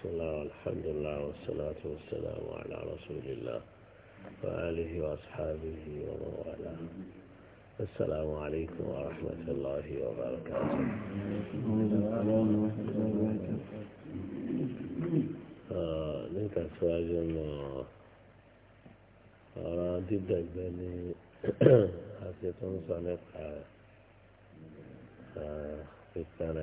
بسم الله والحمد لله والصلاة والسلام على رسول الله وآله وأصحابه ومن والاه السلام عليكم ورحمة الله وبركاته نكا سواجا أرى ضد حسيتون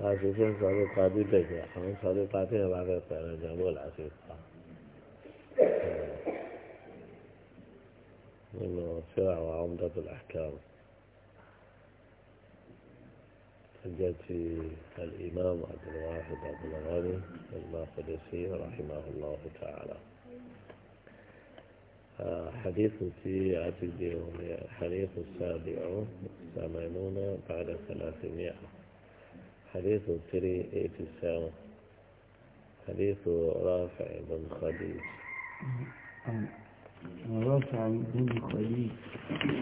láti fi ń sọ nípa bíbẹ̀jẹ̀ àwọn sọ nípa tí ìyẹn bá fẹ́ pẹ̀rẹ̀ jẹ́ bó láti pa nínú tí àwọn ọmọdébò làkẹ́rù tó jẹ́ ti al-imam abdulwahid abdulwahid al-maqdisi rahimahullahu ta'ala. حديث في يوم حديث السابع ثمانون بعد ثلاثمائة حديث 387 حديث رافع بن خديج رافع بن خديج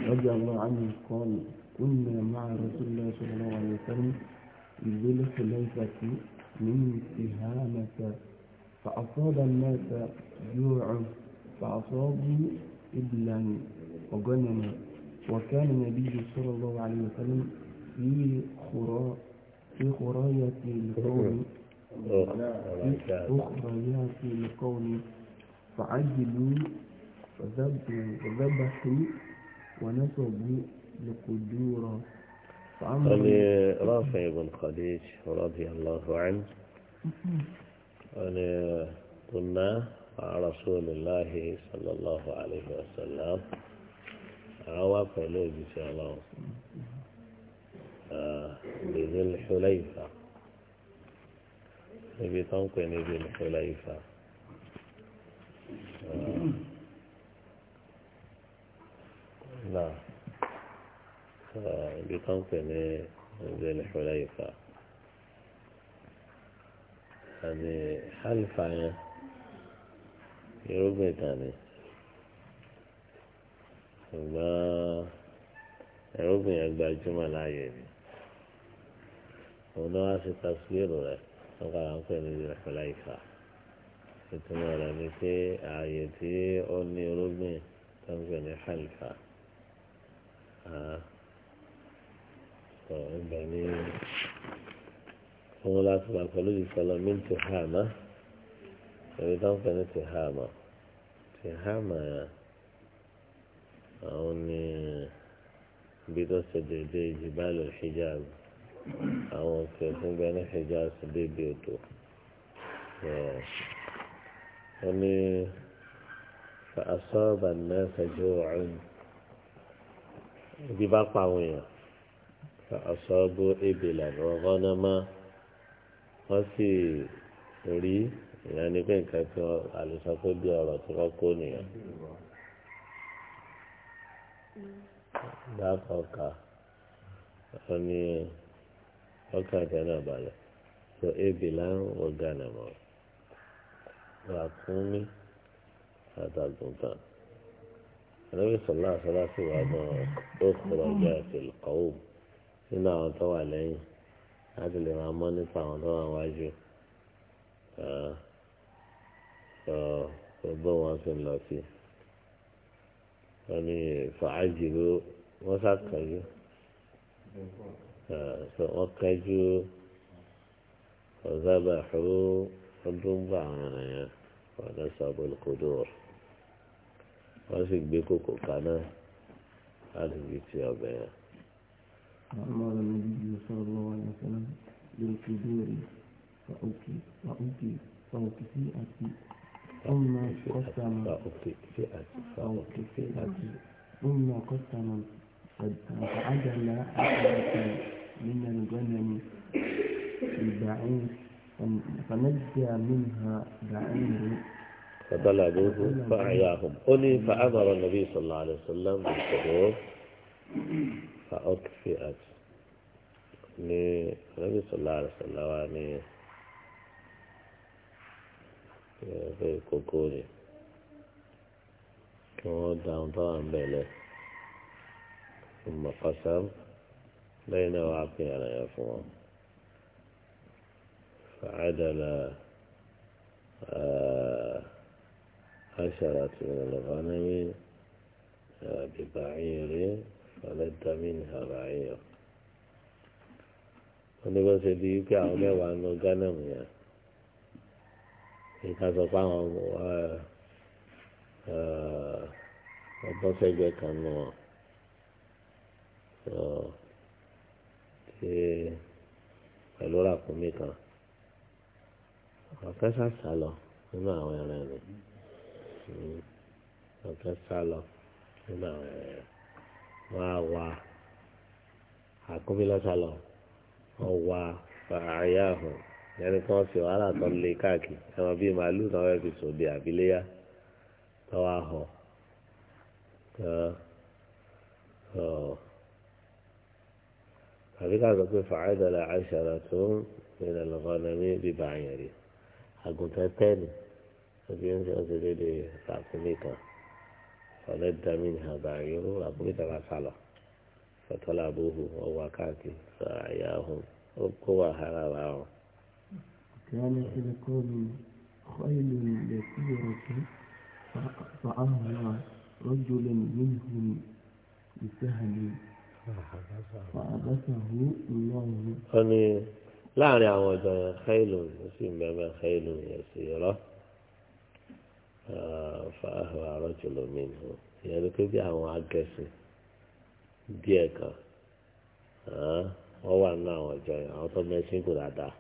رضي الله عنه قال كنا مع رسول الله صلى الله عليه وسلم بذل حليفة من سهامة فأصاب الناس جوع فأصابوا إبلا وجنما وكان النبي صلى الله عليه وسلم في خرا في خراية القوم خراية القوم فعجلوا وذبحوا ونصبوا لقدورا قال رافع بن خديج رضي الله عنه قال قلنا رسول الله صلى الله عليه وسلم روى قلوب شاء الله آه، بذي الحليفة آه، نعم. آه، نبي تنقل بذي الحليفة لا نبي تنقل بذي الحليفة هذه يعني حلفة يعني irúgbìn kan ni ṣùgbọ́n irúgbìn yẹn gbajúmọ̀ láàyè ni òun náà wá sí tasílẹ̀rù rẹ̀ wọ́n kàrà ń pè ní ìrẹ̀pẹ̀lá ìfà ìtumọ̀ rẹ̀ ni pé ààyè tí ó ní irúgbìn tó ń pè ní hàlìfà ọ̀rọ̀ ń bẹ ní òun láti wà pẹ̀lú ìfọlọ́mí tó náà èyí tó ń pè ní tìhámà tìhámà àwọn ní ibi tó ṣe dédé jìbálò Hijaz àwọn òkè fún bẹ ní Hijaz débi odò wọn ní fàásọ́ọ̀bà náà ṣàjọ ọ̀hún ibi bá pa àwọn èèyàn fàásọ́ọ̀bù ebèlà rọ̀gọ́nàmá wọ́n sì rí ìyẹn ni pé nǹkan tí àlùsọ pé bí ọ̀rọ̀ tí wọ́n kó nìyẹn. dákọ̀ ká ọ ní ọkàn ìfẹ́ náà balẹ̀ tó ebi láwọn ọ̀gánà mọ́ ràkúnmí àtàgùntàn. النبي صلى الله عليه وسلم أخرج في القوم إن أعطوا عليه هذا الإمام من يطعن طبعا واجه ọgbọ́n wọn sì ń lọ sí wọn ní fàájì ló wọ́n ṣàkànjú wọ́n kájú ọ̀zábàáhù ọdún gbà wọn nìyẹn wọn sọ̀bọ̀ lùkọ́dọ̀ wọ́n sì gbé kòkò kaná láti fi ti ọbẹ̀ yẹn. àmọ́ ọ̀rọ̀ mi bí yóò sọ̀rọ̀ lọ́wọ́ yẹn lórí kí bí rí فأوكي فأوكي فأوكي في أتي أما قسما فأوكي في أتي فأوكي في أتي أما قسما فعدل حسنة من الغنم البعير فنجى منها بعير فبلغوه فأعياهم قلي فأمر النبي صلى الله عليه وسلم بالصدور فأكفئت يعني النبي صلى الله عليه وسلم يعني في كوكوري ووضع طبعا بينه ثم قسم بينه وعقيل يفوه فعدل عشرة من الغنم ببعير فلد منها بعير ونبقى سيدي يبقى عمي وعنو غنم يعني nǹkan sọ pé àwọn ọbọ̀ sẹ́gbẹ́ kan nù wọn pẹ̀lú ràkúnmí kan ọ̀kẹ́ sàṣà lọ nínú àwọn ẹran rẹ̀ hmm, ọ̀kẹ́ sá lọ nínú àwọn ẹran rẹ̀ wọ́n á wá àkúnmí lọ́sà lọ wọ́n wá fàáyà hàn yẹni kí wọ́n fi wàhálà tán lé káàkiri ẹ̀wọ̀n bíi màálùú náà wọ́n fi sòdì àbíléyà tọ́wọ́ àhọ̀ àbí ká sọ pé fàáìdàlà àṣàrà tó ń rìn àlọ́kọ́nà ní bíbá àyàn rí àgùntàn tẹ́ẹ̀nì ẹbí ń ṣe dédé ràkúnmí kan ọ̀lẹ́ dàmí ní àbàrí ràkúnmí kan bá sálọ fọtọ́lá àbúhù ọwọ́ káàkiri sọ àyà ọ̀hún ó kó wàhálà wà ọ̀hún. كان إذا قوم خيل يسيرة فأهوى رجل منهم بسهل فعبثه الله أني láàrin àwọn ọ̀dọ́ yẹn xeyìlù ó sì ń bẹ́ẹ̀ xeyìlù yẹn sì rọ́ fàáhùn àrọ́jùlọ mìíràn ìyẹn ló pé bí àwọn agẹ̀sìn díẹ̀ kan wọ́n wà nínú àwọn ọ̀dọ́ yẹn àwọn tó mẹ́sìn kù dáadáa.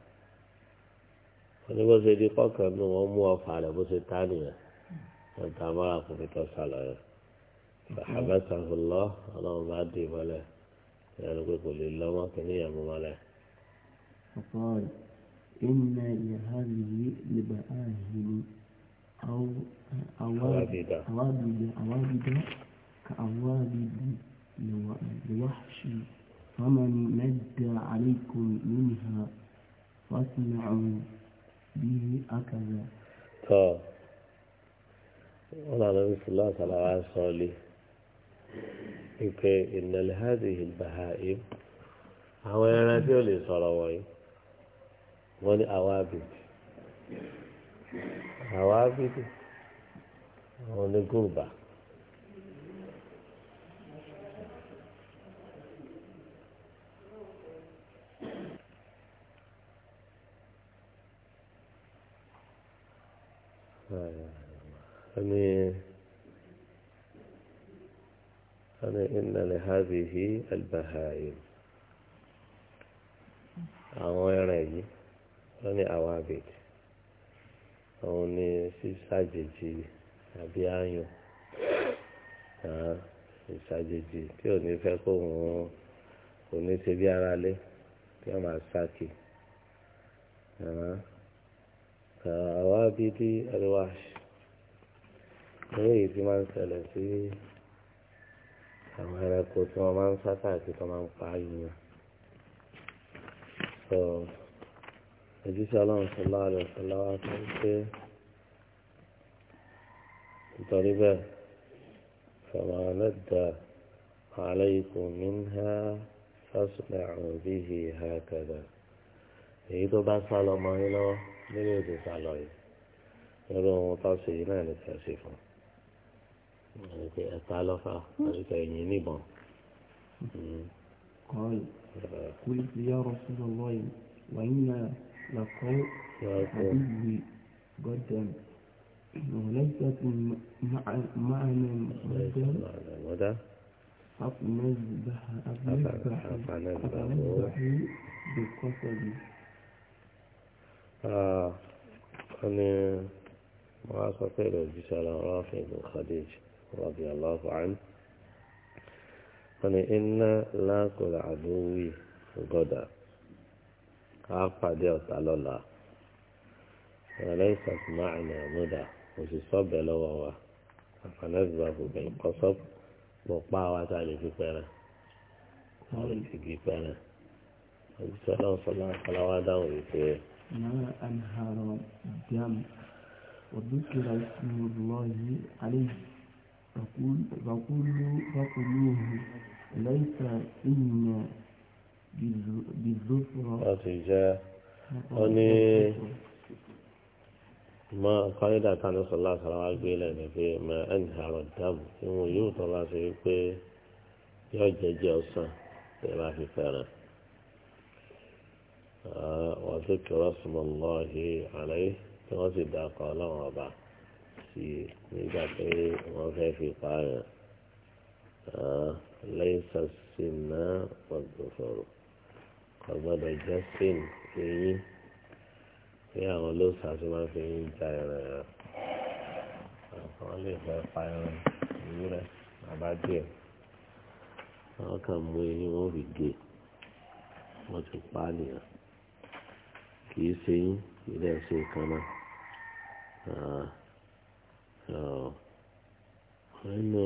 فلا بس دي قاك نو مو فعل بس تاني تمام قوم توصل فحبسه الله على بعدي ولا قال يقول لله ما كان يا فقال إن هذه لبآهل أو أوابد أوابد أوابد كأوابد لوحش فمن مد عليكم منها فاسمعوا bihi akaza. tọ́ wọn lànà bí sùlá àtàlà wa sọ lé ìpè ìnàlẹ́ hádìhì bàhà im àwọn ẹran tí ó lè sọ̀rọ̀ wọ̀nyí wọ́n ní àwábìtì àwábìtì àwọn ní gùrùbà. أني أنا إن لهذه البهائم أواني أنا أوابد أوني سيساجيجي أبي أيو ìṣàjèjì tí ò ní fẹ́ kó wọn kò ní ṣe bí ara lé tí wọ́n máa ṣáàkì àwọn abidi alwash ní èyí tí máa ń ṣẹlẹ̀ sí àwọn ẹranko tí wọ́n máa ń sá káàkiri tó máa ń pa yìnyín sọ ojúṣe ọlọ́run sọlá rẹ̀ sọlá wa sọ pé nítorí bẹ́ẹ̀ fọmọ ọlọ́dà àlẹ́yìnkù minha fásitì àwọn òbí yìí ha kẹlẹ̀ èyí tó bá sá lọ mọ́ yín lọ́wọ́ nílé òdì sá lọ yìí lórí ohun tó ṣe yìí náà ní tẹ̀sí fún un. ẹ̀ta قال قلت يا رسول الله وإنا لقاء عدوي غدا وليست معنا غدا أفنذبح أفنذبح أفنذبح بقصدي آه أنا ما أستطيع الجسال الرافع من خديجه رضي الله عنه قال إنا لاقو العدو غدا أعقد يغتال الله وليست معنا مدى وسيصب لواوا فنذبه بالقصب مقبعة على في فيرة على في فيرة السلام صلى الله عليه وسلم ما أنهار الدم وذكر اسم الله عليه فقولوا ليس إن بالظفر أتجاه أني ما قاعدة كان صلى الله عليه وسلم في ما أنهر الدم يوم يوت الله سيكون يوجد جوسا ما في فارغ وذكر اسم الله عليه توزد قال وبعد sí nígbà pé wọ́n fẹ́ fi pààyàn lẹ́yìn sàṣìn náà pọ̀gbọ̀fọ̀rọ̀ kò gbọ́dọ̀ jẹ́ sin eyín pé àwọn olóòsà tó máa fi eyín ja ẹran ẹran àwọn lè fẹ́ pa ẹran ìwúrẹ́ àbájẹ́ àwọn mú eyín wọn fi gé wọ́n ti pa nìyẹn kì í ṣe eyín kì kan náà. Ah, nínú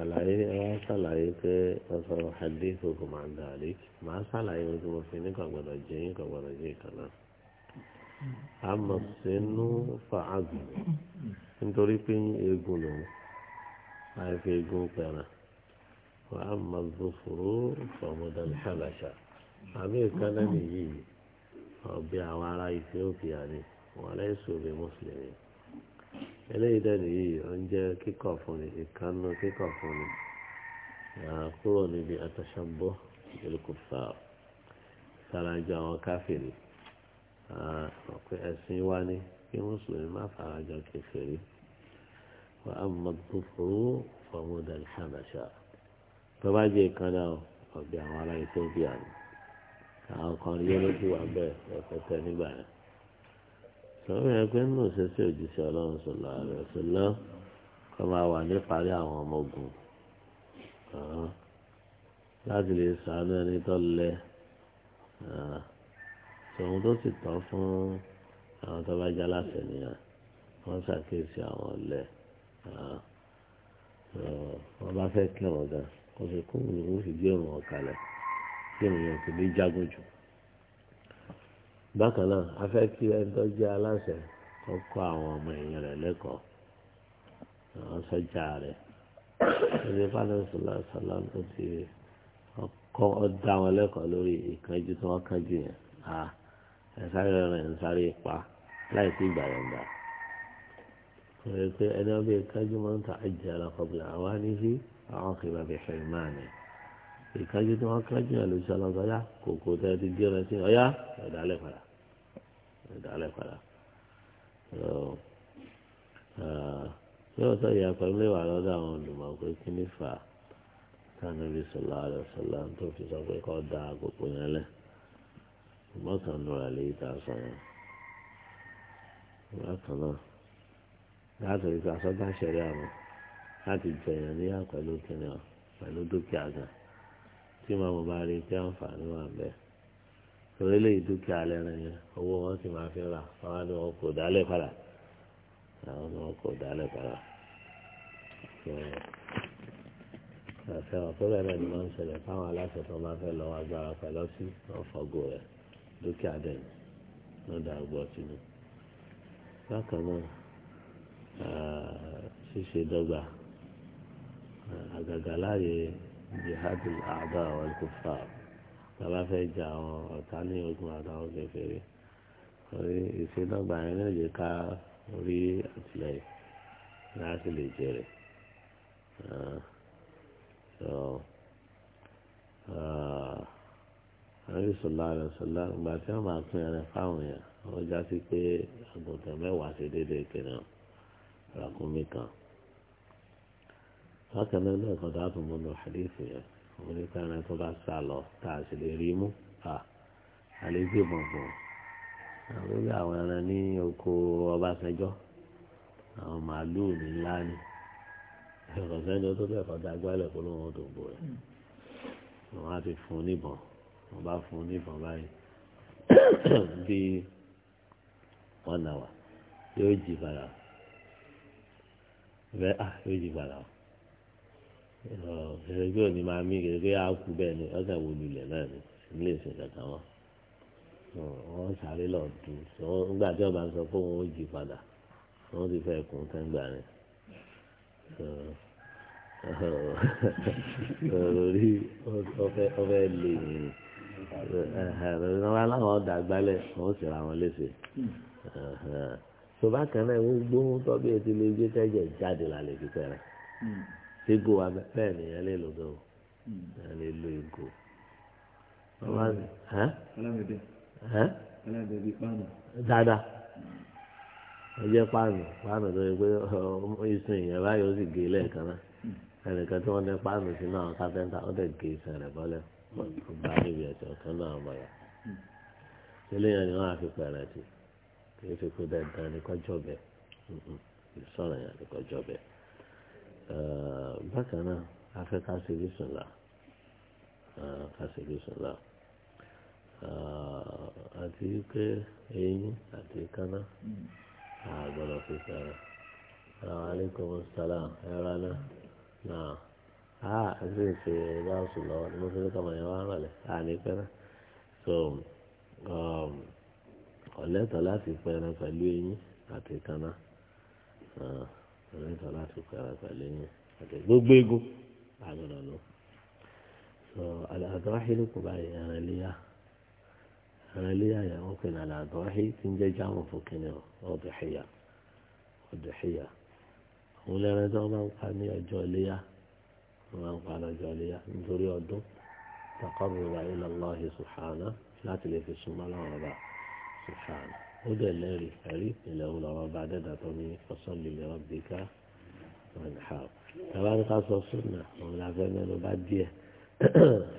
àlàyé wọn ṣàlàyé pé ọsọrọ hadith kò máa ń dàlí màá ṣàlàyé ohun tí mo fi ní kò gbọ́dọ̀ jẹ yín kò gbọ́dọ̀ jẹ ìkan náà àmọ́ sínú fàágùn nítorí pé eegun lòun àìfi eegun pẹ̀ràn wàá mọ̀ gbófòrò fọmọdàlẹ́ ṣàlàṣà àbí ìkànnì yìí ọbẹ̀ àwọn ará Ethiopia ni wọ́n lẹ́sùn bí mùsùlùmí eléyìí dẹ̀ nìyí oúnjẹ kíkọ̀ fún ni ìkànnù kíkọ̀ fún ni kúrò níbi àtàṣàbọ̀ ìlúkùfà farajọ àwọn káfìrí ọ̀pẹ ẹ̀sìn wa ni kí mùsùlùmí má farajọ kẹfìrí wà á mọ̀tò fòrò fọmọdà ìṣàbàṣà tó bá jẹ́ ìkànnà ọ̀bẹ àwọn ará ìtòbíà ni àwọn kan yẹn ló ti wà bẹ́ẹ̀ ẹ̀kọ́tẹ́ nígbà yẹn sọ̀rọ̀ yẹn pé nínú òṣèṣẹ́ òjíṣẹ́ ọlọ́run sọ̀lá rẹ̀ sọ̀lá kọ́ máa wà níparí àwọn ọmọ ogun láti lè sàánú ẹni tó lẹ tòun tó sì tán fún àwọn tó bá já láṣẹ nìyẹn wọ́n ṣàkíyèsí àwọn ọ̀lẹ wọ́n bá fẹ́ kí wọn gan kó fi kún ìlú fi gbé wọn kí ènìyàn kò ní jágùn jù bákan náà a fẹ́ kí ẹni tó jẹ́ aláṣẹ kó kọ́ àwọn ọmọ ẹ̀yìn rẹ̀ lẹ́kọ̀ọ́ àwọn sọ́jà rẹ̀ ẹni fáwọn ṣọlá ṣọlá tó ti kọ́ ọ dá wọn lẹ́kọ̀ọ́ lórí ìkánjú tí wọ́n kánjú yẹn à ẹ̀ sáré rẹ̀ ń sáré pa láì sí ìgbà yẹn gbà. ẹni wọ́n bí ìkánjú máa ń ta àjẹ́ àlàkọ̀bìlà àwọn àníhí àwọn kìlọ̀ bẹ̀ṣẹ̀ ìmáà ni ìkájú tí wọ́n kájú ẹ̀ lóṣù ọlọ́gbọ́n yá kòkò tẹ́ ẹ ti gé ẹ sí ọyá ẹ̀dálẹ̀ padà ẹ̀dálẹ̀ padà lóòótọ́ ìyá pẹ̀lú ìwà lọ́dọ̀ àwọn olùmọ̀ pé kí ní fà á táwọn ibi sọ̀lá rẹ̀ sọ̀lá tó fi sọ pé kọ́ da àkókò yẹn lẹ̀ ṣùgbọ́n kan nù rẹ̀ lè ta sọ yẹn bákan náà láti rí sọ́dá ṣẹ̀rí àmọ́ láti jẹ̀yàn níyà pẹ̀lú kìnìún pẹ̀lú dúkìá gan-an tí màmú bá rí pé àǹfààní wà bẹ́ẹ̀ torí lè dúkìá lẹ́nu yẹn owó wọn sì máa fi rà àwọn ni wọn kò dálẹ̀ padà àwọn ni wọn kò dálẹ̀ padà àfẹ́ ọ̀tọ́lẹ̀ náà ni wọ́n ń ṣẹlẹ̀ fáwọn aláṣẹ tó máa fẹ́ lọ́wọ́ agbára pẹ̀lú sí ọ̀fọ̀gò rẹ̀ dúkìá dẹ̀nu ló dá ọgbọ́ sínú. bákan náà ṣíṣe dọ́gba àgàgà láàyè jihad al-a'da wal-kuffar tàbá fẹ́ jà àwọn ọ̀tá ní ogun àtàwọn kèfèrí orí ìṣèdọ́gba yẹn náà yẹ ká rí àtìlẹ́yìn láti lè jèrè àríwí sọlá rẹ sọlá ìgbà tí wọn máa pín ẹrẹ fáwọn èèyàn wọn já pé àgùntàn mẹ́wàá ṣe déédéé kìnìún ràkúnmí kan. هكذا لا قد من الحديث يعني ومن كان يتبع السالة تعسل يريمو آه عليه في مفهوم àwọn ilé àwọn ẹran ní oko ọbaṣẹjọ àwọn màálùú ní ńlá ni ẹ̀rọ sẹ́ni tó bẹ̀ kọ́ dagbálẹ̀ kó lóun tó bò rẹ̀ wọ́n á ti fún un níbọn wọ́n bá fún un níbọn báyìí bí wọ́n nà yóò jí padà bẹ́ẹ̀ yóò jí padà wá ẹgbẹ́ òní máa mí gẹ́gẹ́ àkú bẹ́ẹ̀ ni ọ̀sẹ̀ wo lulẹ̀ náà ni nílé ìsìn kankan wọn wọn sáré lọ dùn nígbà tí ọba ń sọ pé wọn ò jí padà wọn ti fẹ́ kún kẹ́ńgbà rẹ̀ lórí ọfẹ lè ní wọn láwọn ọdà gbálẹ̀ wọn sì ra wọn léṣe tó bá kàn náà gbóhùn tọ́bí etí lè gbé kẹ́jẹ̀ jáde lálẹ́ kíkẹ́ rẹ̀. Hmm. ṣé go wa bẹ́ẹ̀ ni ẹ lè lò bẹ́ẹ̀ o ẹ lè lo ìgò. dáadáa ẹ jẹ́ páànù páànù tó yẹ pé ìsìn ìyẹn báyọ̀ ó sì gé lẹ́ẹ̀kan náà ẹnìkan tí wọ́n ní páànù sínú àwọn kápẹ́ńtà ó dẹ̀ gé ìsìn rẹ̀ bọ́lẹ̀ ọgbà níbi ẹ̀sẹ̀ náà eléyàn ni wọ́n á fi pẹ̀rẹ̀ kí ó bákan náà afẹ́ ká ṣe bísùnlá ká ṣe bísùnlá àti wípé eyín àti kaná àgbọ̀dọ̀ fi fẹ́ràn. Assalamu alaikum salam ẹ̀rọ náà náà a ẹsẹ̀ ṣe báṣu lọ ni mo fi ní kọ́mọ yẹn wá rọ̀lẹ́ a ní pẹ́rẹ́ so um, ọ̀lẹ́tọ̀ láti pẹ́rẹ́ pẹ̀lú eyín àti kaná. ọ̀rẹ́ sọ láti kára pẹ̀lú yín gbogbo ego na lọ. sọ àlàdọ́hìn kò báyìí ẹran iléyà ẹran iléyà yẹn wọ́n pè ní àlàdọ́hìn tí ń jẹ́ jáwọn fún kínní ọ̀dùnhìyà ọ̀dùnhìyà àwọn ẹran tí wọ́n máa ń pa ní ọjọ́ iléyà wọ́n máa ń pa ila Allah subhanahu láti lè هدى الله الكريم له لرب عددتني فصل لربك وانحار طبعا قصة السنة والعفانة نبعد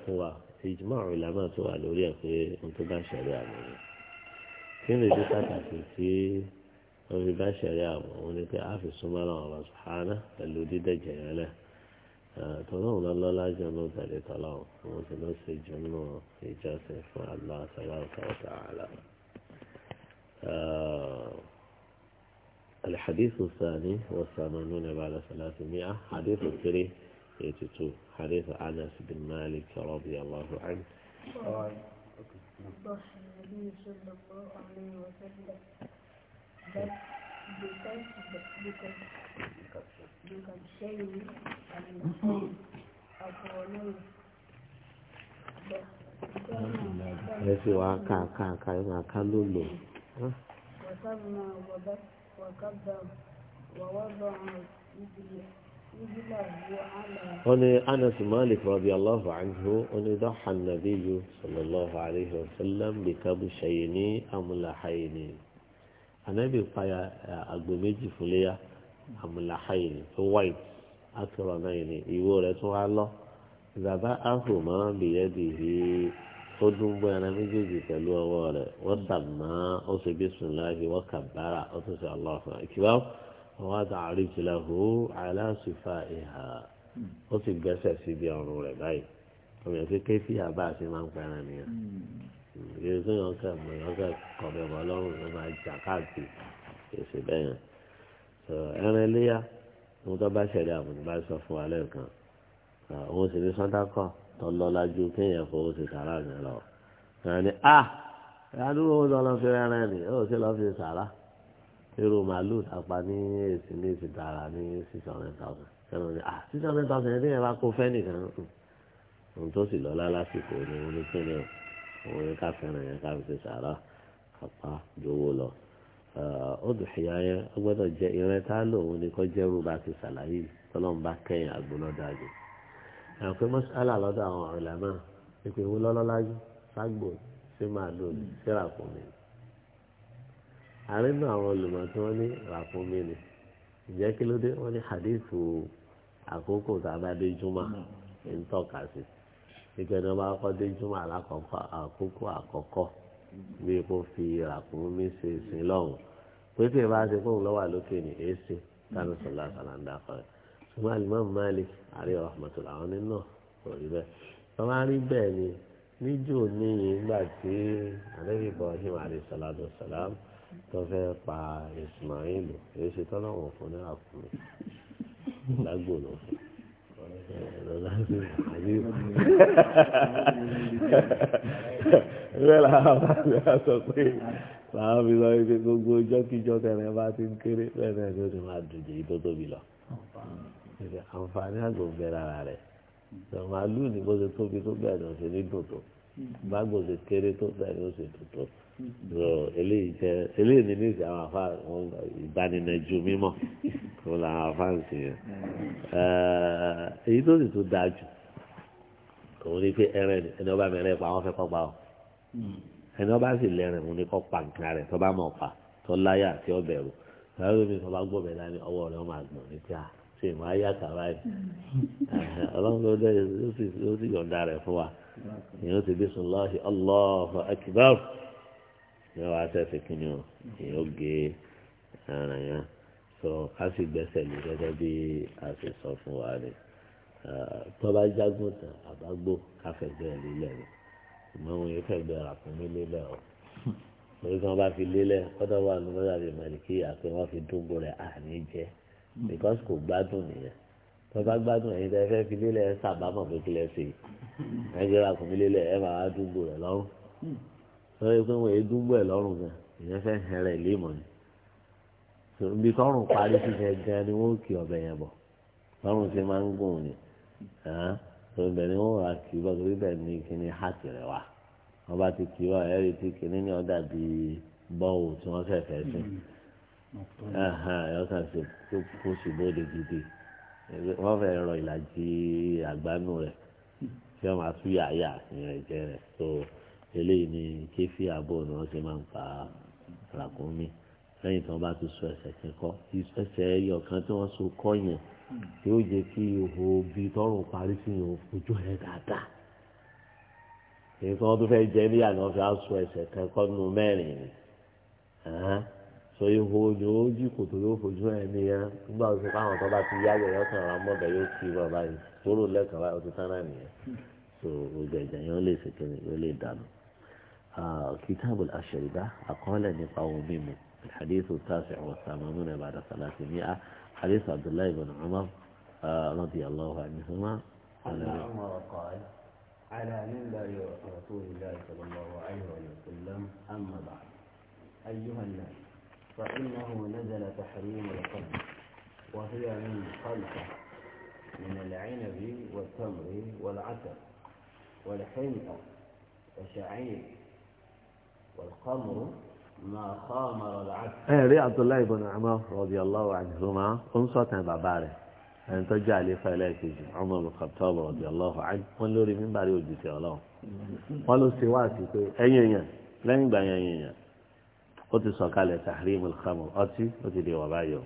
هو إجماع علماء سؤال وليا في انتباه شريعة كين رجل تكافي في انتباه شريعة ونتعى في السماء الله سبحانه اللي دي دجاله tọ́lọ́run lọ́lọ́ lájọ ló tẹ̀lé tọ́lọ́run àwọn tí ló ṣe jù nínú ìjọsìn fún aláṣẹ láwùjọ ọ̀tá àlàó. آه، الحديث الثاني والثمانون بعد ثلاثمائة حديث الثري يتتو حديث أنس بن مالك رضي الله عنه ضحى النبي صلى الله عليه وسلم بكبشين أقولون ẹ ṣe wá ká ká ká ẹ máa ká lólo وسمى وكبر ووضع قال أنس مالك رضي الله عنه أن ضحى النبي صلى الله عليه وسلم بكبشين أملحين النبي قال أقبميجي فليا أملحين white أكرمين يقول الله ذبحهما بيده tó dúnbọ ẹran méjèèjì pẹ̀lú ọwọ́ rẹ̀ wọ́n sàmà ó sì bísímìláhì wọ́n kàbára ó tún sí aláàfin ìkìlá wọ́n á ta àríjìláhù aláṣìfà ìhà ó sì gbẹ́sẹ̀ síbi ọrùn rẹ̀ báyìí ọmọ yẹn kékeré tí àbá àti máa ń pẹran nìyẹn ìrírí tó yàn kẹ mọ yàn kẹ kọbẹ bọ lọ́rùn ló máa jà káàkiri èsì bẹyàn ẹran iléyà ohun tó bá ṣẹlẹ̀ àmọ́ bá sọ fún wa lẹ́ẹ̀kan òun sì ní sọdákọ tọ́lọ́lá ju kéèyàn fowó ṣe sàrà mi lọ. Ìyá ni a ah, ìyádúró owó lọ́nà fi rẹ́rẹ́ ni ó sì lọ́ọ́ fi sàrà. Irú màálù tàpá ní èsì ní èsì tààrà ní six hundred thousand. Ṣẹ́nu ni a ah, six hundred thousand yẹn bá kó fẹ́ nìkan. Ohun tó sì lọ́lá lásìkò ni wọ́n ní kíni o. Òun yẹn ká fẹ́ràn yẹn ká fi ṣe sàrà kápá jówó lọ. Ó dùn ìyá yẹn ó gbọ́dọ̀ jẹ ìrẹta lòun ni kọ́ jẹ́rú bá ti ṣàlàyé tọ́lọ́mùbá kẹ́yìn àgbọ̀nọ́dá yìí àwọn pé mọ́sálà lọ́dọ̀ àwọn ọ̀rẹ́làmà ìpè wo lọ́lọ́lájú ságbò sí màálù sí ràkúnmí àrínú àwọn olùmọ̀ tí wọ́n ní ràkúnmí ni ìjẹ́ kí ló dé wọ́n ní hadithu àkókò tá a bá dé júmọ́ ń tọ́ka sí ìgbẹ́ni ọba akọ́ dé júmọ́ alákọ̀ọ́kọ́ àkókò àkọ́kọ́ bí kò fi ràkúnmí ṣe ìsìn lọ́hùn pé tí ì bá ṣe fóun lọ́wọ́ àlókè ní èsì tánù sọ̀lá sàlàndà kọ́ ṣùgbọ́n alimami Malik àríwá rahmatullah àwọn nínú òrí bẹ́ẹ̀ wọ́n máa rí bẹ́ẹ̀ ni níjó níyì nígbà tí anabi Ibrahim alayhisalatu wasalam tó fẹ́ pa Ismail èyí ṣe tọ́lọ́ wọn fún ní àkùnrin lágbo ló fún bẹ́ẹ̀ làwọn bá mi sọ pé làwọn mi sọ pé gbogbo ọjọ́ tẹ̀lé bá ti ń kéré bẹ́ẹ̀ náà ni ó ti máa dùn jẹ́ ìtótóbi lọ àǹfààní àgbò bẹ̀rẹ̀ ara rẹ̀ màálù ní bó ṣe tóbi tó bẹ́ẹ̀ ni ó ṣe ní dòdò bágbó ṣe kéré tó bẹ́ẹ̀ ni ó ṣe dòdò eléyìí jẹ eléyìí ní níṣẹ́ àwọn afá ìbáninájú mímọ́ kò làwọn afá ń sìn yẹn èyí tó sì tún dáa jù òun ni pé ẹrẹ ni ẹni ọba mẹrẹ pa wọn fẹ́ kọ pa ọ ẹni ọba sì lẹrìn òun ni kọ pa nǹkan rẹ̀ tó bá mọ pa tó láyà tí ó bẹ̀rù ẹrú mi tó bá gbọ́ bẹ́ẹ̀ dání ọwọ́ rẹ̀ ó máa gbọ̀n ní tí ṣe máa yàtà báyìí ọlọ́run ló dé ló sì yọ̀ǹda rẹ̀ fún wa èèyàn ti bí sùn lọ́ọ̀ṣì Allahu akbar ní wàá sẹ́sẹ̀ kínní o èèyàn gé ara yẹn sọ ká sì gbẹ́sẹ̀ lé gẹ́gẹ́ bí a ṣe sọ fún wa rẹ̀ tó bá jágùn tán àbágbó káfẹ́gbẹ́ lélẹ̀ rẹ̀ ìmọ̀ wọn yóò fẹ́gbẹ́ ràkúnmí lélẹ̀ o torí tí bá fi lélẹ̀ kọ́dọ̀ wà lórí àbí mẹ́rin kí àpé wọ́n fi dúgbò rẹ̀ àní jẹ́ because kò gbádùn nìyẹn tó bá gbádùn ẹ̀yin tẹ́ fẹ́ fi lélẹ̀ ẹ̀ sàbámọ̀ pé kílẹ̀ ṣe nàìjíríà kò fi lélẹ̀ ẹ̀ máa dúgbò rẹ̀ lọ́rùn lórí pé wọ́n èé dúgbò ẹ̀ lọ́rùn gan ìyẹn fẹ́ hẹn rẹ̀ ni ibi tọ́rùn parí sísẹ gan ni wọ́n kì ọbẹ̀ yẹn bọ̀ lọ́rùn ti máa ń gùn ni ibẹ̀ ni wọ́n wà kì í bọ̀ torí bẹ̀ ni kíní hàtì rẹ̀ wà wọ́n bá ti kì í bọ̀ ẹ̀rí ti kíní ní ọ̀dà bíi bọ́ọ̀ tí wọ́n fẹ́ fẹ́ sí ẹ̀hán ọ̀sán ṣe tó kó ṣùgbọ́n gidi wọ́n fẹ́ rọ ìlàjì àgbánú rẹ̀ tí wọ́n máa tú yàyà ìrìn jẹ rẹ̀ tó eléyìí ni kéfì àbò ni wọ́n ṣe máa ń pa ràkúnmí lẹ́yìn tí wọ́n bá ti sọ ẹsẹ̀ kíkọ́ ẹsẹ̀ ẹyọ kan tí wọ́n so kọ́ yẹn tí ó jẹ́ kí ihò bíi tọrùn parí sí ihò ojú ẹ̀ dáadáa èyí tí wọ́n tún fẹ́ jẹ níyà ni wọ́n fi á so ẹsẹ̀ kan kọ́ nínú mẹ́rin ni sọ ihò lójú kòtò yóò fojú ẹ nìyẹn nígbà tó káwọn tó bá ti yá yẹ yọkàn ara mọbẹ yóò kí bàbá yìí kóró lẹkàn báyìí ọtí sára nìyẹn so gbogbo ẹ̀jẹ̀ yẹn ó lè ṣètò yóò lè dànù. kitabul ashriba àkọọ́lẹ̀ nípa ohun mímu الحديث التاسع والثمانون بعد ثلاثمائة حديث عبد الله بن عمر رضي الله عنهما أن عمر قال على منبر رسول الله صلى الله عليه وسلم أما بعد أيها الناس فإنه نزل تحريم القلب وهي من خلقه من العنب والتمر والعسل والحنطة والشعير والخمر ما خامر العسل ẹ̀rí abdullahi ibn umar radiyallahu anhuma ń sọ̀tàn bàbá rẹ̀ ẹni tó jẹ́ àlefa ẹlẹ́ẹ̀kejì ọmọ olùkọ́tọ́ọ̀bù radiyallahu anhu wọn lórí mímbàrí òjìṣẹ́ ọlọ́run wọn ló ṣe wá sí pé ẹ̀yìn èèyàn lẹ́yìn ìgbà yẹn èèyàn ó ti sọ̀kalẹ̀ tahrimul khamr ọtí ó ti di wà báyọ̀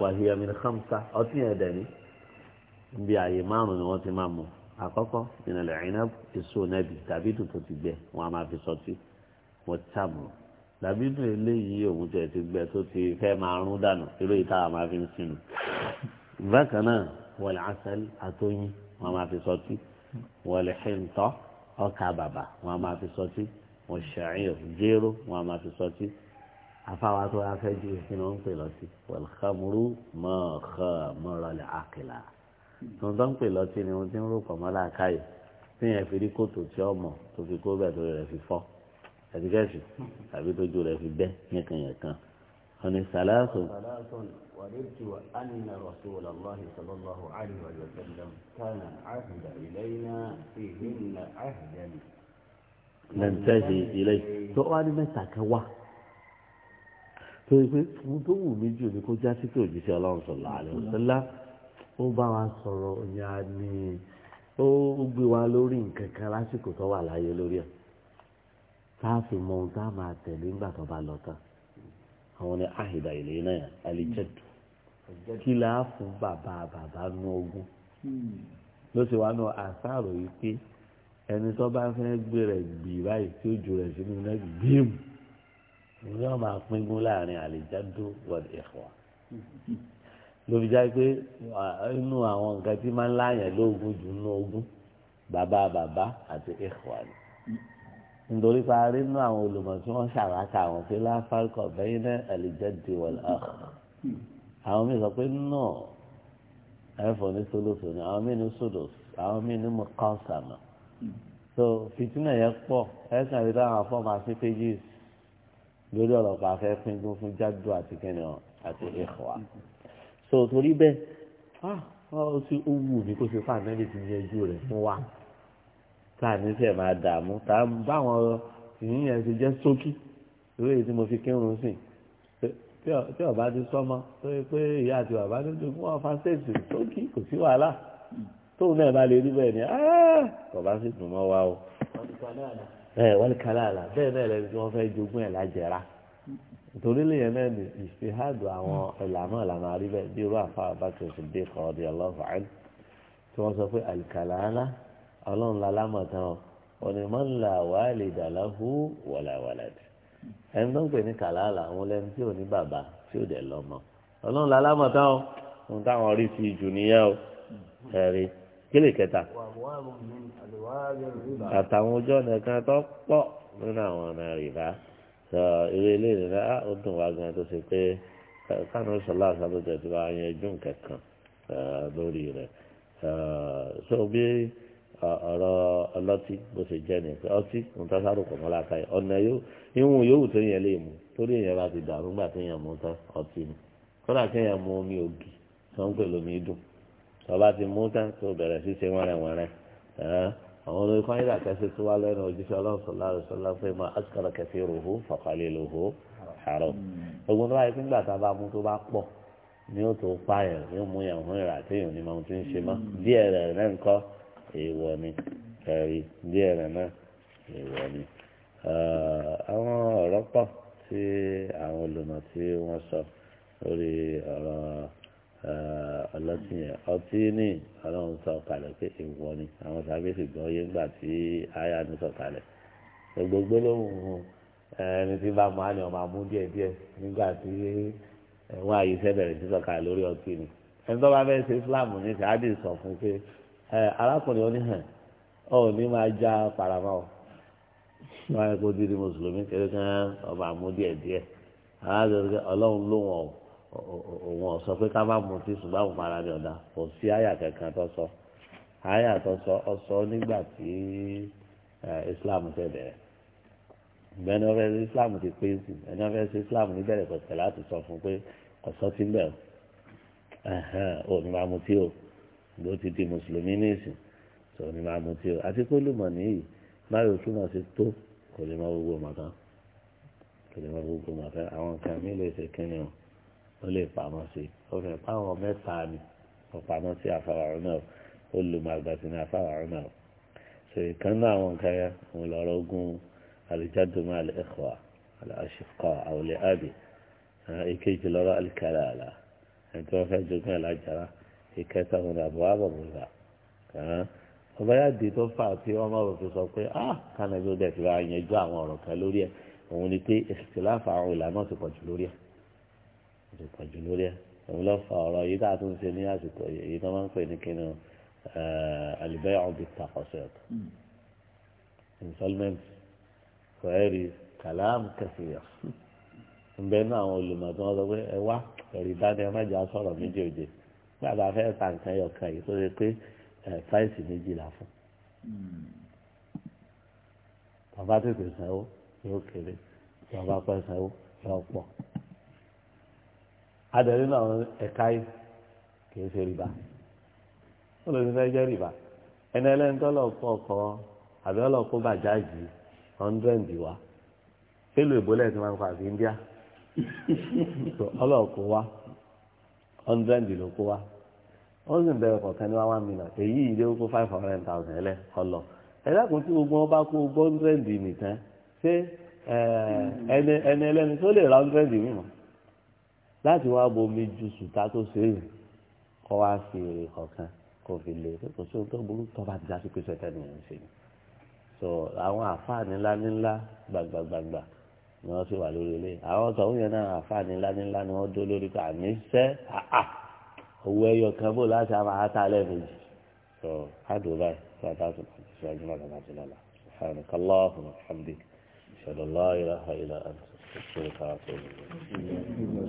wàhíyà min khamsa ọtí yẹn dẹ̀ ní bí ààyè márùn-ún ni wọ́n ti máa mú àkọ́kọ́ ìnàlẹ̀ ìnáb èso nẹ́bì tàbí tuntun ti gbẹ wọn a máa fi sọtí wọ́n tààmù tàbí dùn eléyìí òun tẹ̀ ti gbẹ tó ti fẹ́ máa rún dànù eré ìta a máa fi ń sinmi bákan náà wal asal àtọyìn wọn a máa fi sọtí wal hinta ọkà bàbà wọn a máa fi sọtí wọn ṣàyẹ̀ jéró wọn a máa fi sọtí afáwa tó wá fẹ́ ju kí ni wọ́n ń pè lọ́tí wàlúkàmúrú mọ̀ọ́kọ́ mọ́rọ́lẹ̀ àkìlà tó ń tọ́ ń pè lọ́tí ni wọ́n ti ń rò pọ̀ mọ́ láàkáyè tí yẹn fi rí kòtò tí ó mọ̀ tó fi kó bẹ̀ tó rẹ̀ fi fọ́ ẹ̀dígẹ́sì tàbí tójú rẹ̀ fi bẹ́ yẹ̀kànyẹ̀kan ọ̀nì sàlásù. وردت أن رسول الله صلى الله عليه وسلم كان عهد إلينا فيهن عهدا nàìjíríà ilé tó wá ní mẹ́ta kan wá tó yẹ pé fún tó wù mí jù ní kó já sí pé òjíṣẹ́ ọlọ́run sọ̀rọ̀ àlẹ́ òṣèlá ó wa sọ̀rọ̀ ìyá ni ó gbé wa lórí nǹkan kan lásìkò tó wà láyé lórí ẹ̀ tá a fi mọ ohun tá a máa tẹ̀lé nígbà tó bá àwọn ni àhìdá ilé náà àlejẹ́dù kí là á fún bàbá bàbá nú ogún hmm. ló ṣe wá nú yìí pé ẹni tó bá fẹ́ gbé rẹ̀ gbì báyìí tí ó ju rẹ̀ sínú iná gbìm ni wọ́n máa pinnu láàrin àlejàdó wọ̀dì ẹ̀fọ́ lóbi já pé inú àwọn nǹkan tí máa ń láàyàn lóògùn jù nínú ogún bàbá bàbá àti ẹ̀fọ́ ni nítorí parí nínú àwọn olùmọ̀ tí wọ́n ṣàwákà àwọn pé láfárúkọ bẹ́yìn náà àlejàdó wọ̀dì ẹ̀fọ́ àwọn mi sọ pé náà ẹ̀fọ́ ní solóso ni àwọn mi ní sódòs àwọn mi ní mọ́kànsánà so fìtínà yẹn pọ̀ ẹ̀sìn àti táwọn afọ́mọ àti pages lórí ọ̀rọ̀ pa afẹ́ fún jádù àti kẹ́ni àti ìhùwà so torí bẹ́ẹ̀ ah, ó sì ó wù mí kó ṣe fún ànábì tí yẹjú rẹ̀ fún wa tá a máa dààmú tá báwọn ìyín yẹn ṣe jẹ́ sókí lórí èyí tí mo fi kírun sí tí ọba ti sọmọ tó pé ìyá àti bàbá ní ojú fún ọfà ṣèṣì sókí kò sí wàhálà tóun náà bá lè rí bẹ́ẹ̀ ni bàbá ah, sì dùn mọ́ wa o ẹ wọ́n ní kálálà bẹ́ẹ̀ náà lẹ́nu tí wọ́n fẹ́ jogún ẹ̀ lájẹ̀ra nítorí lèyẹn náà ní ìfihàdù àwọn ìlànà ìlànà àríbẹ̀ bí irú àfa àbákẹ́ òṣèlú kọ́ọ̀dì ọlọ́fàá tí wọ́n sọ pé àlìkàlálà ọlọ́run lálámọ̀ tán o onímọ̀lá wàlìdà láhù wàlàwàlàdì ẹni tó ń pè ní kàlálà àwọn lẹ́nu tí ò ní bàbá tí ò dẹ̀ lọ́mọ ọlọ́run lálámọ̀ tán o ohun táwọn rí sí jù nìyẹn o ẹ̀rí kílè kẹta àtàwọn ojú ọ̀nà kan tó pọ̀ nínú àwọn ọ̀nà rìbá sọ eré ilé ìrìnà ó dùn wá gan tó ṣe pé kánú sọlá sábẹ́jọ ti bá yan ẹjọ́ kankan lórí rẹ̀ so bí ọ̀rọ̀ ọlọ́tí bó ṣe jẹ́ ni pé ọtí ń tán sáré pọ̀ mọ́lá káyọ̀ ọ̀nà yóò ìwọ̀n yòówù tó yẹn lè mú torí èèyàn bá ti dàrú nígbà tó yẹn mú tán ọtí ni kódà kéèyàn mú omi ògì tó ń pè lómi dùn tọba ti mú tán tó bẹ̀rẹ̀ sí ṣe wẹ́rẹ̀wẹ́rẹ́ àwọn olórí kan yíra kẹsì tó wá lẹ́nu òjíṣẹ́ ọlọ́run sọlá rẹ̀ sọlá pé máa askara kẹsì ròhó fàkàlẹ̀ lòhó àrò ogun tó wáyé pé ńgbà bá mú tó bá pọ̀ ni ó tó pààyàn ni ó mú yàn hún ìrà téèyàn ní máa ti ń ṣe mọ́ díẹ̀ rẹ̀ náà ń kọ́ ni kẹrì díẹ̀ rẹ̀ náà èèwọ̀ ni. àwọn ọ̀rọ̀ pọ̀ tí àwọn olùmọ̀ tí wọ́n sọ lórí ọ̀rọ̀ ọlọ́sìn yẹn ọtí ní ọlọ́run sọ kalẹ̀ pé èèwọ̀ ni àwọn sábẹ́ sì gbọ́ yé ńgbà tí aya ní sọ kalẹ̀ gbogbo lóhùn ẹni tí bá mọ àná ọmọ amú díẹ̀ díẹ̀ nígbà tí wọn àyè sẹ́bẹ̀rẹ̀ sí sọ kalẹ̀ lórí ọtí ni ẹni tó bá fẹ́ ṣe Islam ní sàádì sọ fún pé arákùnrin oníhàn ọ ní máa já paramọ́ wọn kò di di mùsùlùmí kéré kan ọmọ amú díẹ̀ díẹ̀ arákùnrin ọlọ́run lóhùn ọ̀hún òun ọ̀sọ́ pé ká má mutí ṣùgbọ́n àwọn ara rẹ̀ ọ̀dà kò sí àyà kankan tó sọ àyà tó sọ ọ nígbà tí Islam fẹ́ bẹ̀rẹ̀ ìgbẹ́ni ọ̀fẹ́ Islam ti pé sí ẹni ọ̀fẹ́ sí Islam níbẹ̀rẹ̀ pẹ̀tẹ̀ láti sọ fún pé ọ̀sọ́ ti bẹ̀ ò ní máa mutí o ló ti di mùsùlùmí ní ìsìn tó ní máa mutí o àti pé lùmọ̀ nìyí báyọ̀ túmọ̀ sí tó kò lè má gbogbo màkà kò lè má gbogbo màkà àwọn nǹkan mi lè ṣe kí ni o ó lè pamọ́ sí i ó fẹ́ pàwọn mẹ́ta ni ó pamọ́ sí afáwàrún náà ó lu màgbàsí ní afáwàrún náà ṣe ìkan náà àwọn nǹkan yẹn òun lọ́rọ̀ ogun alìjádùmá alẹ́kọ̀ọ́ aláṣìkọ́ àwòlẹ́ àbí èkejì lọ́rọ̀ alìkàlẹ̀ àlà ẹni tí wọ́n fẹ́ jogún ẹ̀ lájára ìkẹta òun àbọ̀ àbọ̀bọ̀là ọba yá di tó fà tí wọ́n máa fi sọ pé ah kánà bí ó ti bá yanjú àwọn ọ̀rọ̀ kan lórí ẹ̀ òun ni pé ìṣìṣẹ́ àwọn ìlànà ti pọ̀ lórí ẹ̀ ìpọ̀jù lórí ẹ̀ òun lọ fa ọ̀rọ̀ yìí tá a tún ṣe ní àsìkò èyí tó máa ń pè ní kíni àlùbẹ́yà ọ̀bì takọ̀ṣẹ̀ installment fẹ́ẹ̀rì kàlám kẹfìyà ńbẹ náà àwọn olùmọ̀ tí wọ́n sọ pé ẹ wá ẹ̀rí dání ẹ má jà sọ̀rọ̀ méjì òde gbàgbà fẹ́ ta nǹkan ẹyọkan yìí tó ṣe pé fáìsì eh, méjì là fún bàbá tètè sanwó yóò kéré bàbá pẹ́ sanwó yóò pọ̀ adẹ̀rí náà ẹ̀ka yìí kìí ṣe rìbá ó lè ní fẹ́ jẹ́ rìbá ẹni ẹlẹ́ni tó lọ́ọ̀kọ́ ọkọ̀ àbí ọlọ́ọ̀kọ́ bàjáàjì ọ̀ndẹ̀ǹdì wa èlò ìbólẹ̀ tí wọ́n ń pa àfi India ọlọ́ọ̀kọ́ wa ọ̀ndẹ̀ǹdì ló kó wa ó sì ń bẹ̀rẹ̀ kọ̀ọ̀kan ní wá wá mílíọ̀n èyí ìdí ó kó five hundred thousand ẹlẹ́ ọlọ ẹ̀dákun tí gbogbo wọn bá kó ọ̀ndẹ̀ǹdì nìkan ṣé ẹni ẹlẹ́ni tó lè ra ọ̀ndẹ̀ǹdì mìíràn láti wá bomi ju sùtá tó ṣe é kọ́ wá sí èrè kọ̀ọ̀kan kò fi lè e. kò sí ohun tó burú tó bá ti dásí pé sẹ́tẹ̀ ni wọ́n ń ṣe ni so àwọn àfáàní ńláńlá gbàgbàgbàgbà ni wọ́n sì wà lórí ilé àwọn tọ̀hún yẹn náà àfáàní ńláńlá ni wọ́n dó lórí pé àmì sẹ́ àà owó ẹyọ kan bò láti àwọn àtà lẹ́ẹ̀mejì so hádùn báyìí fún àtàkùn àti ìṣẹ́jú náà láti lọ́la سبحانك اللهم وبحمدك اشهد ان لا اله الا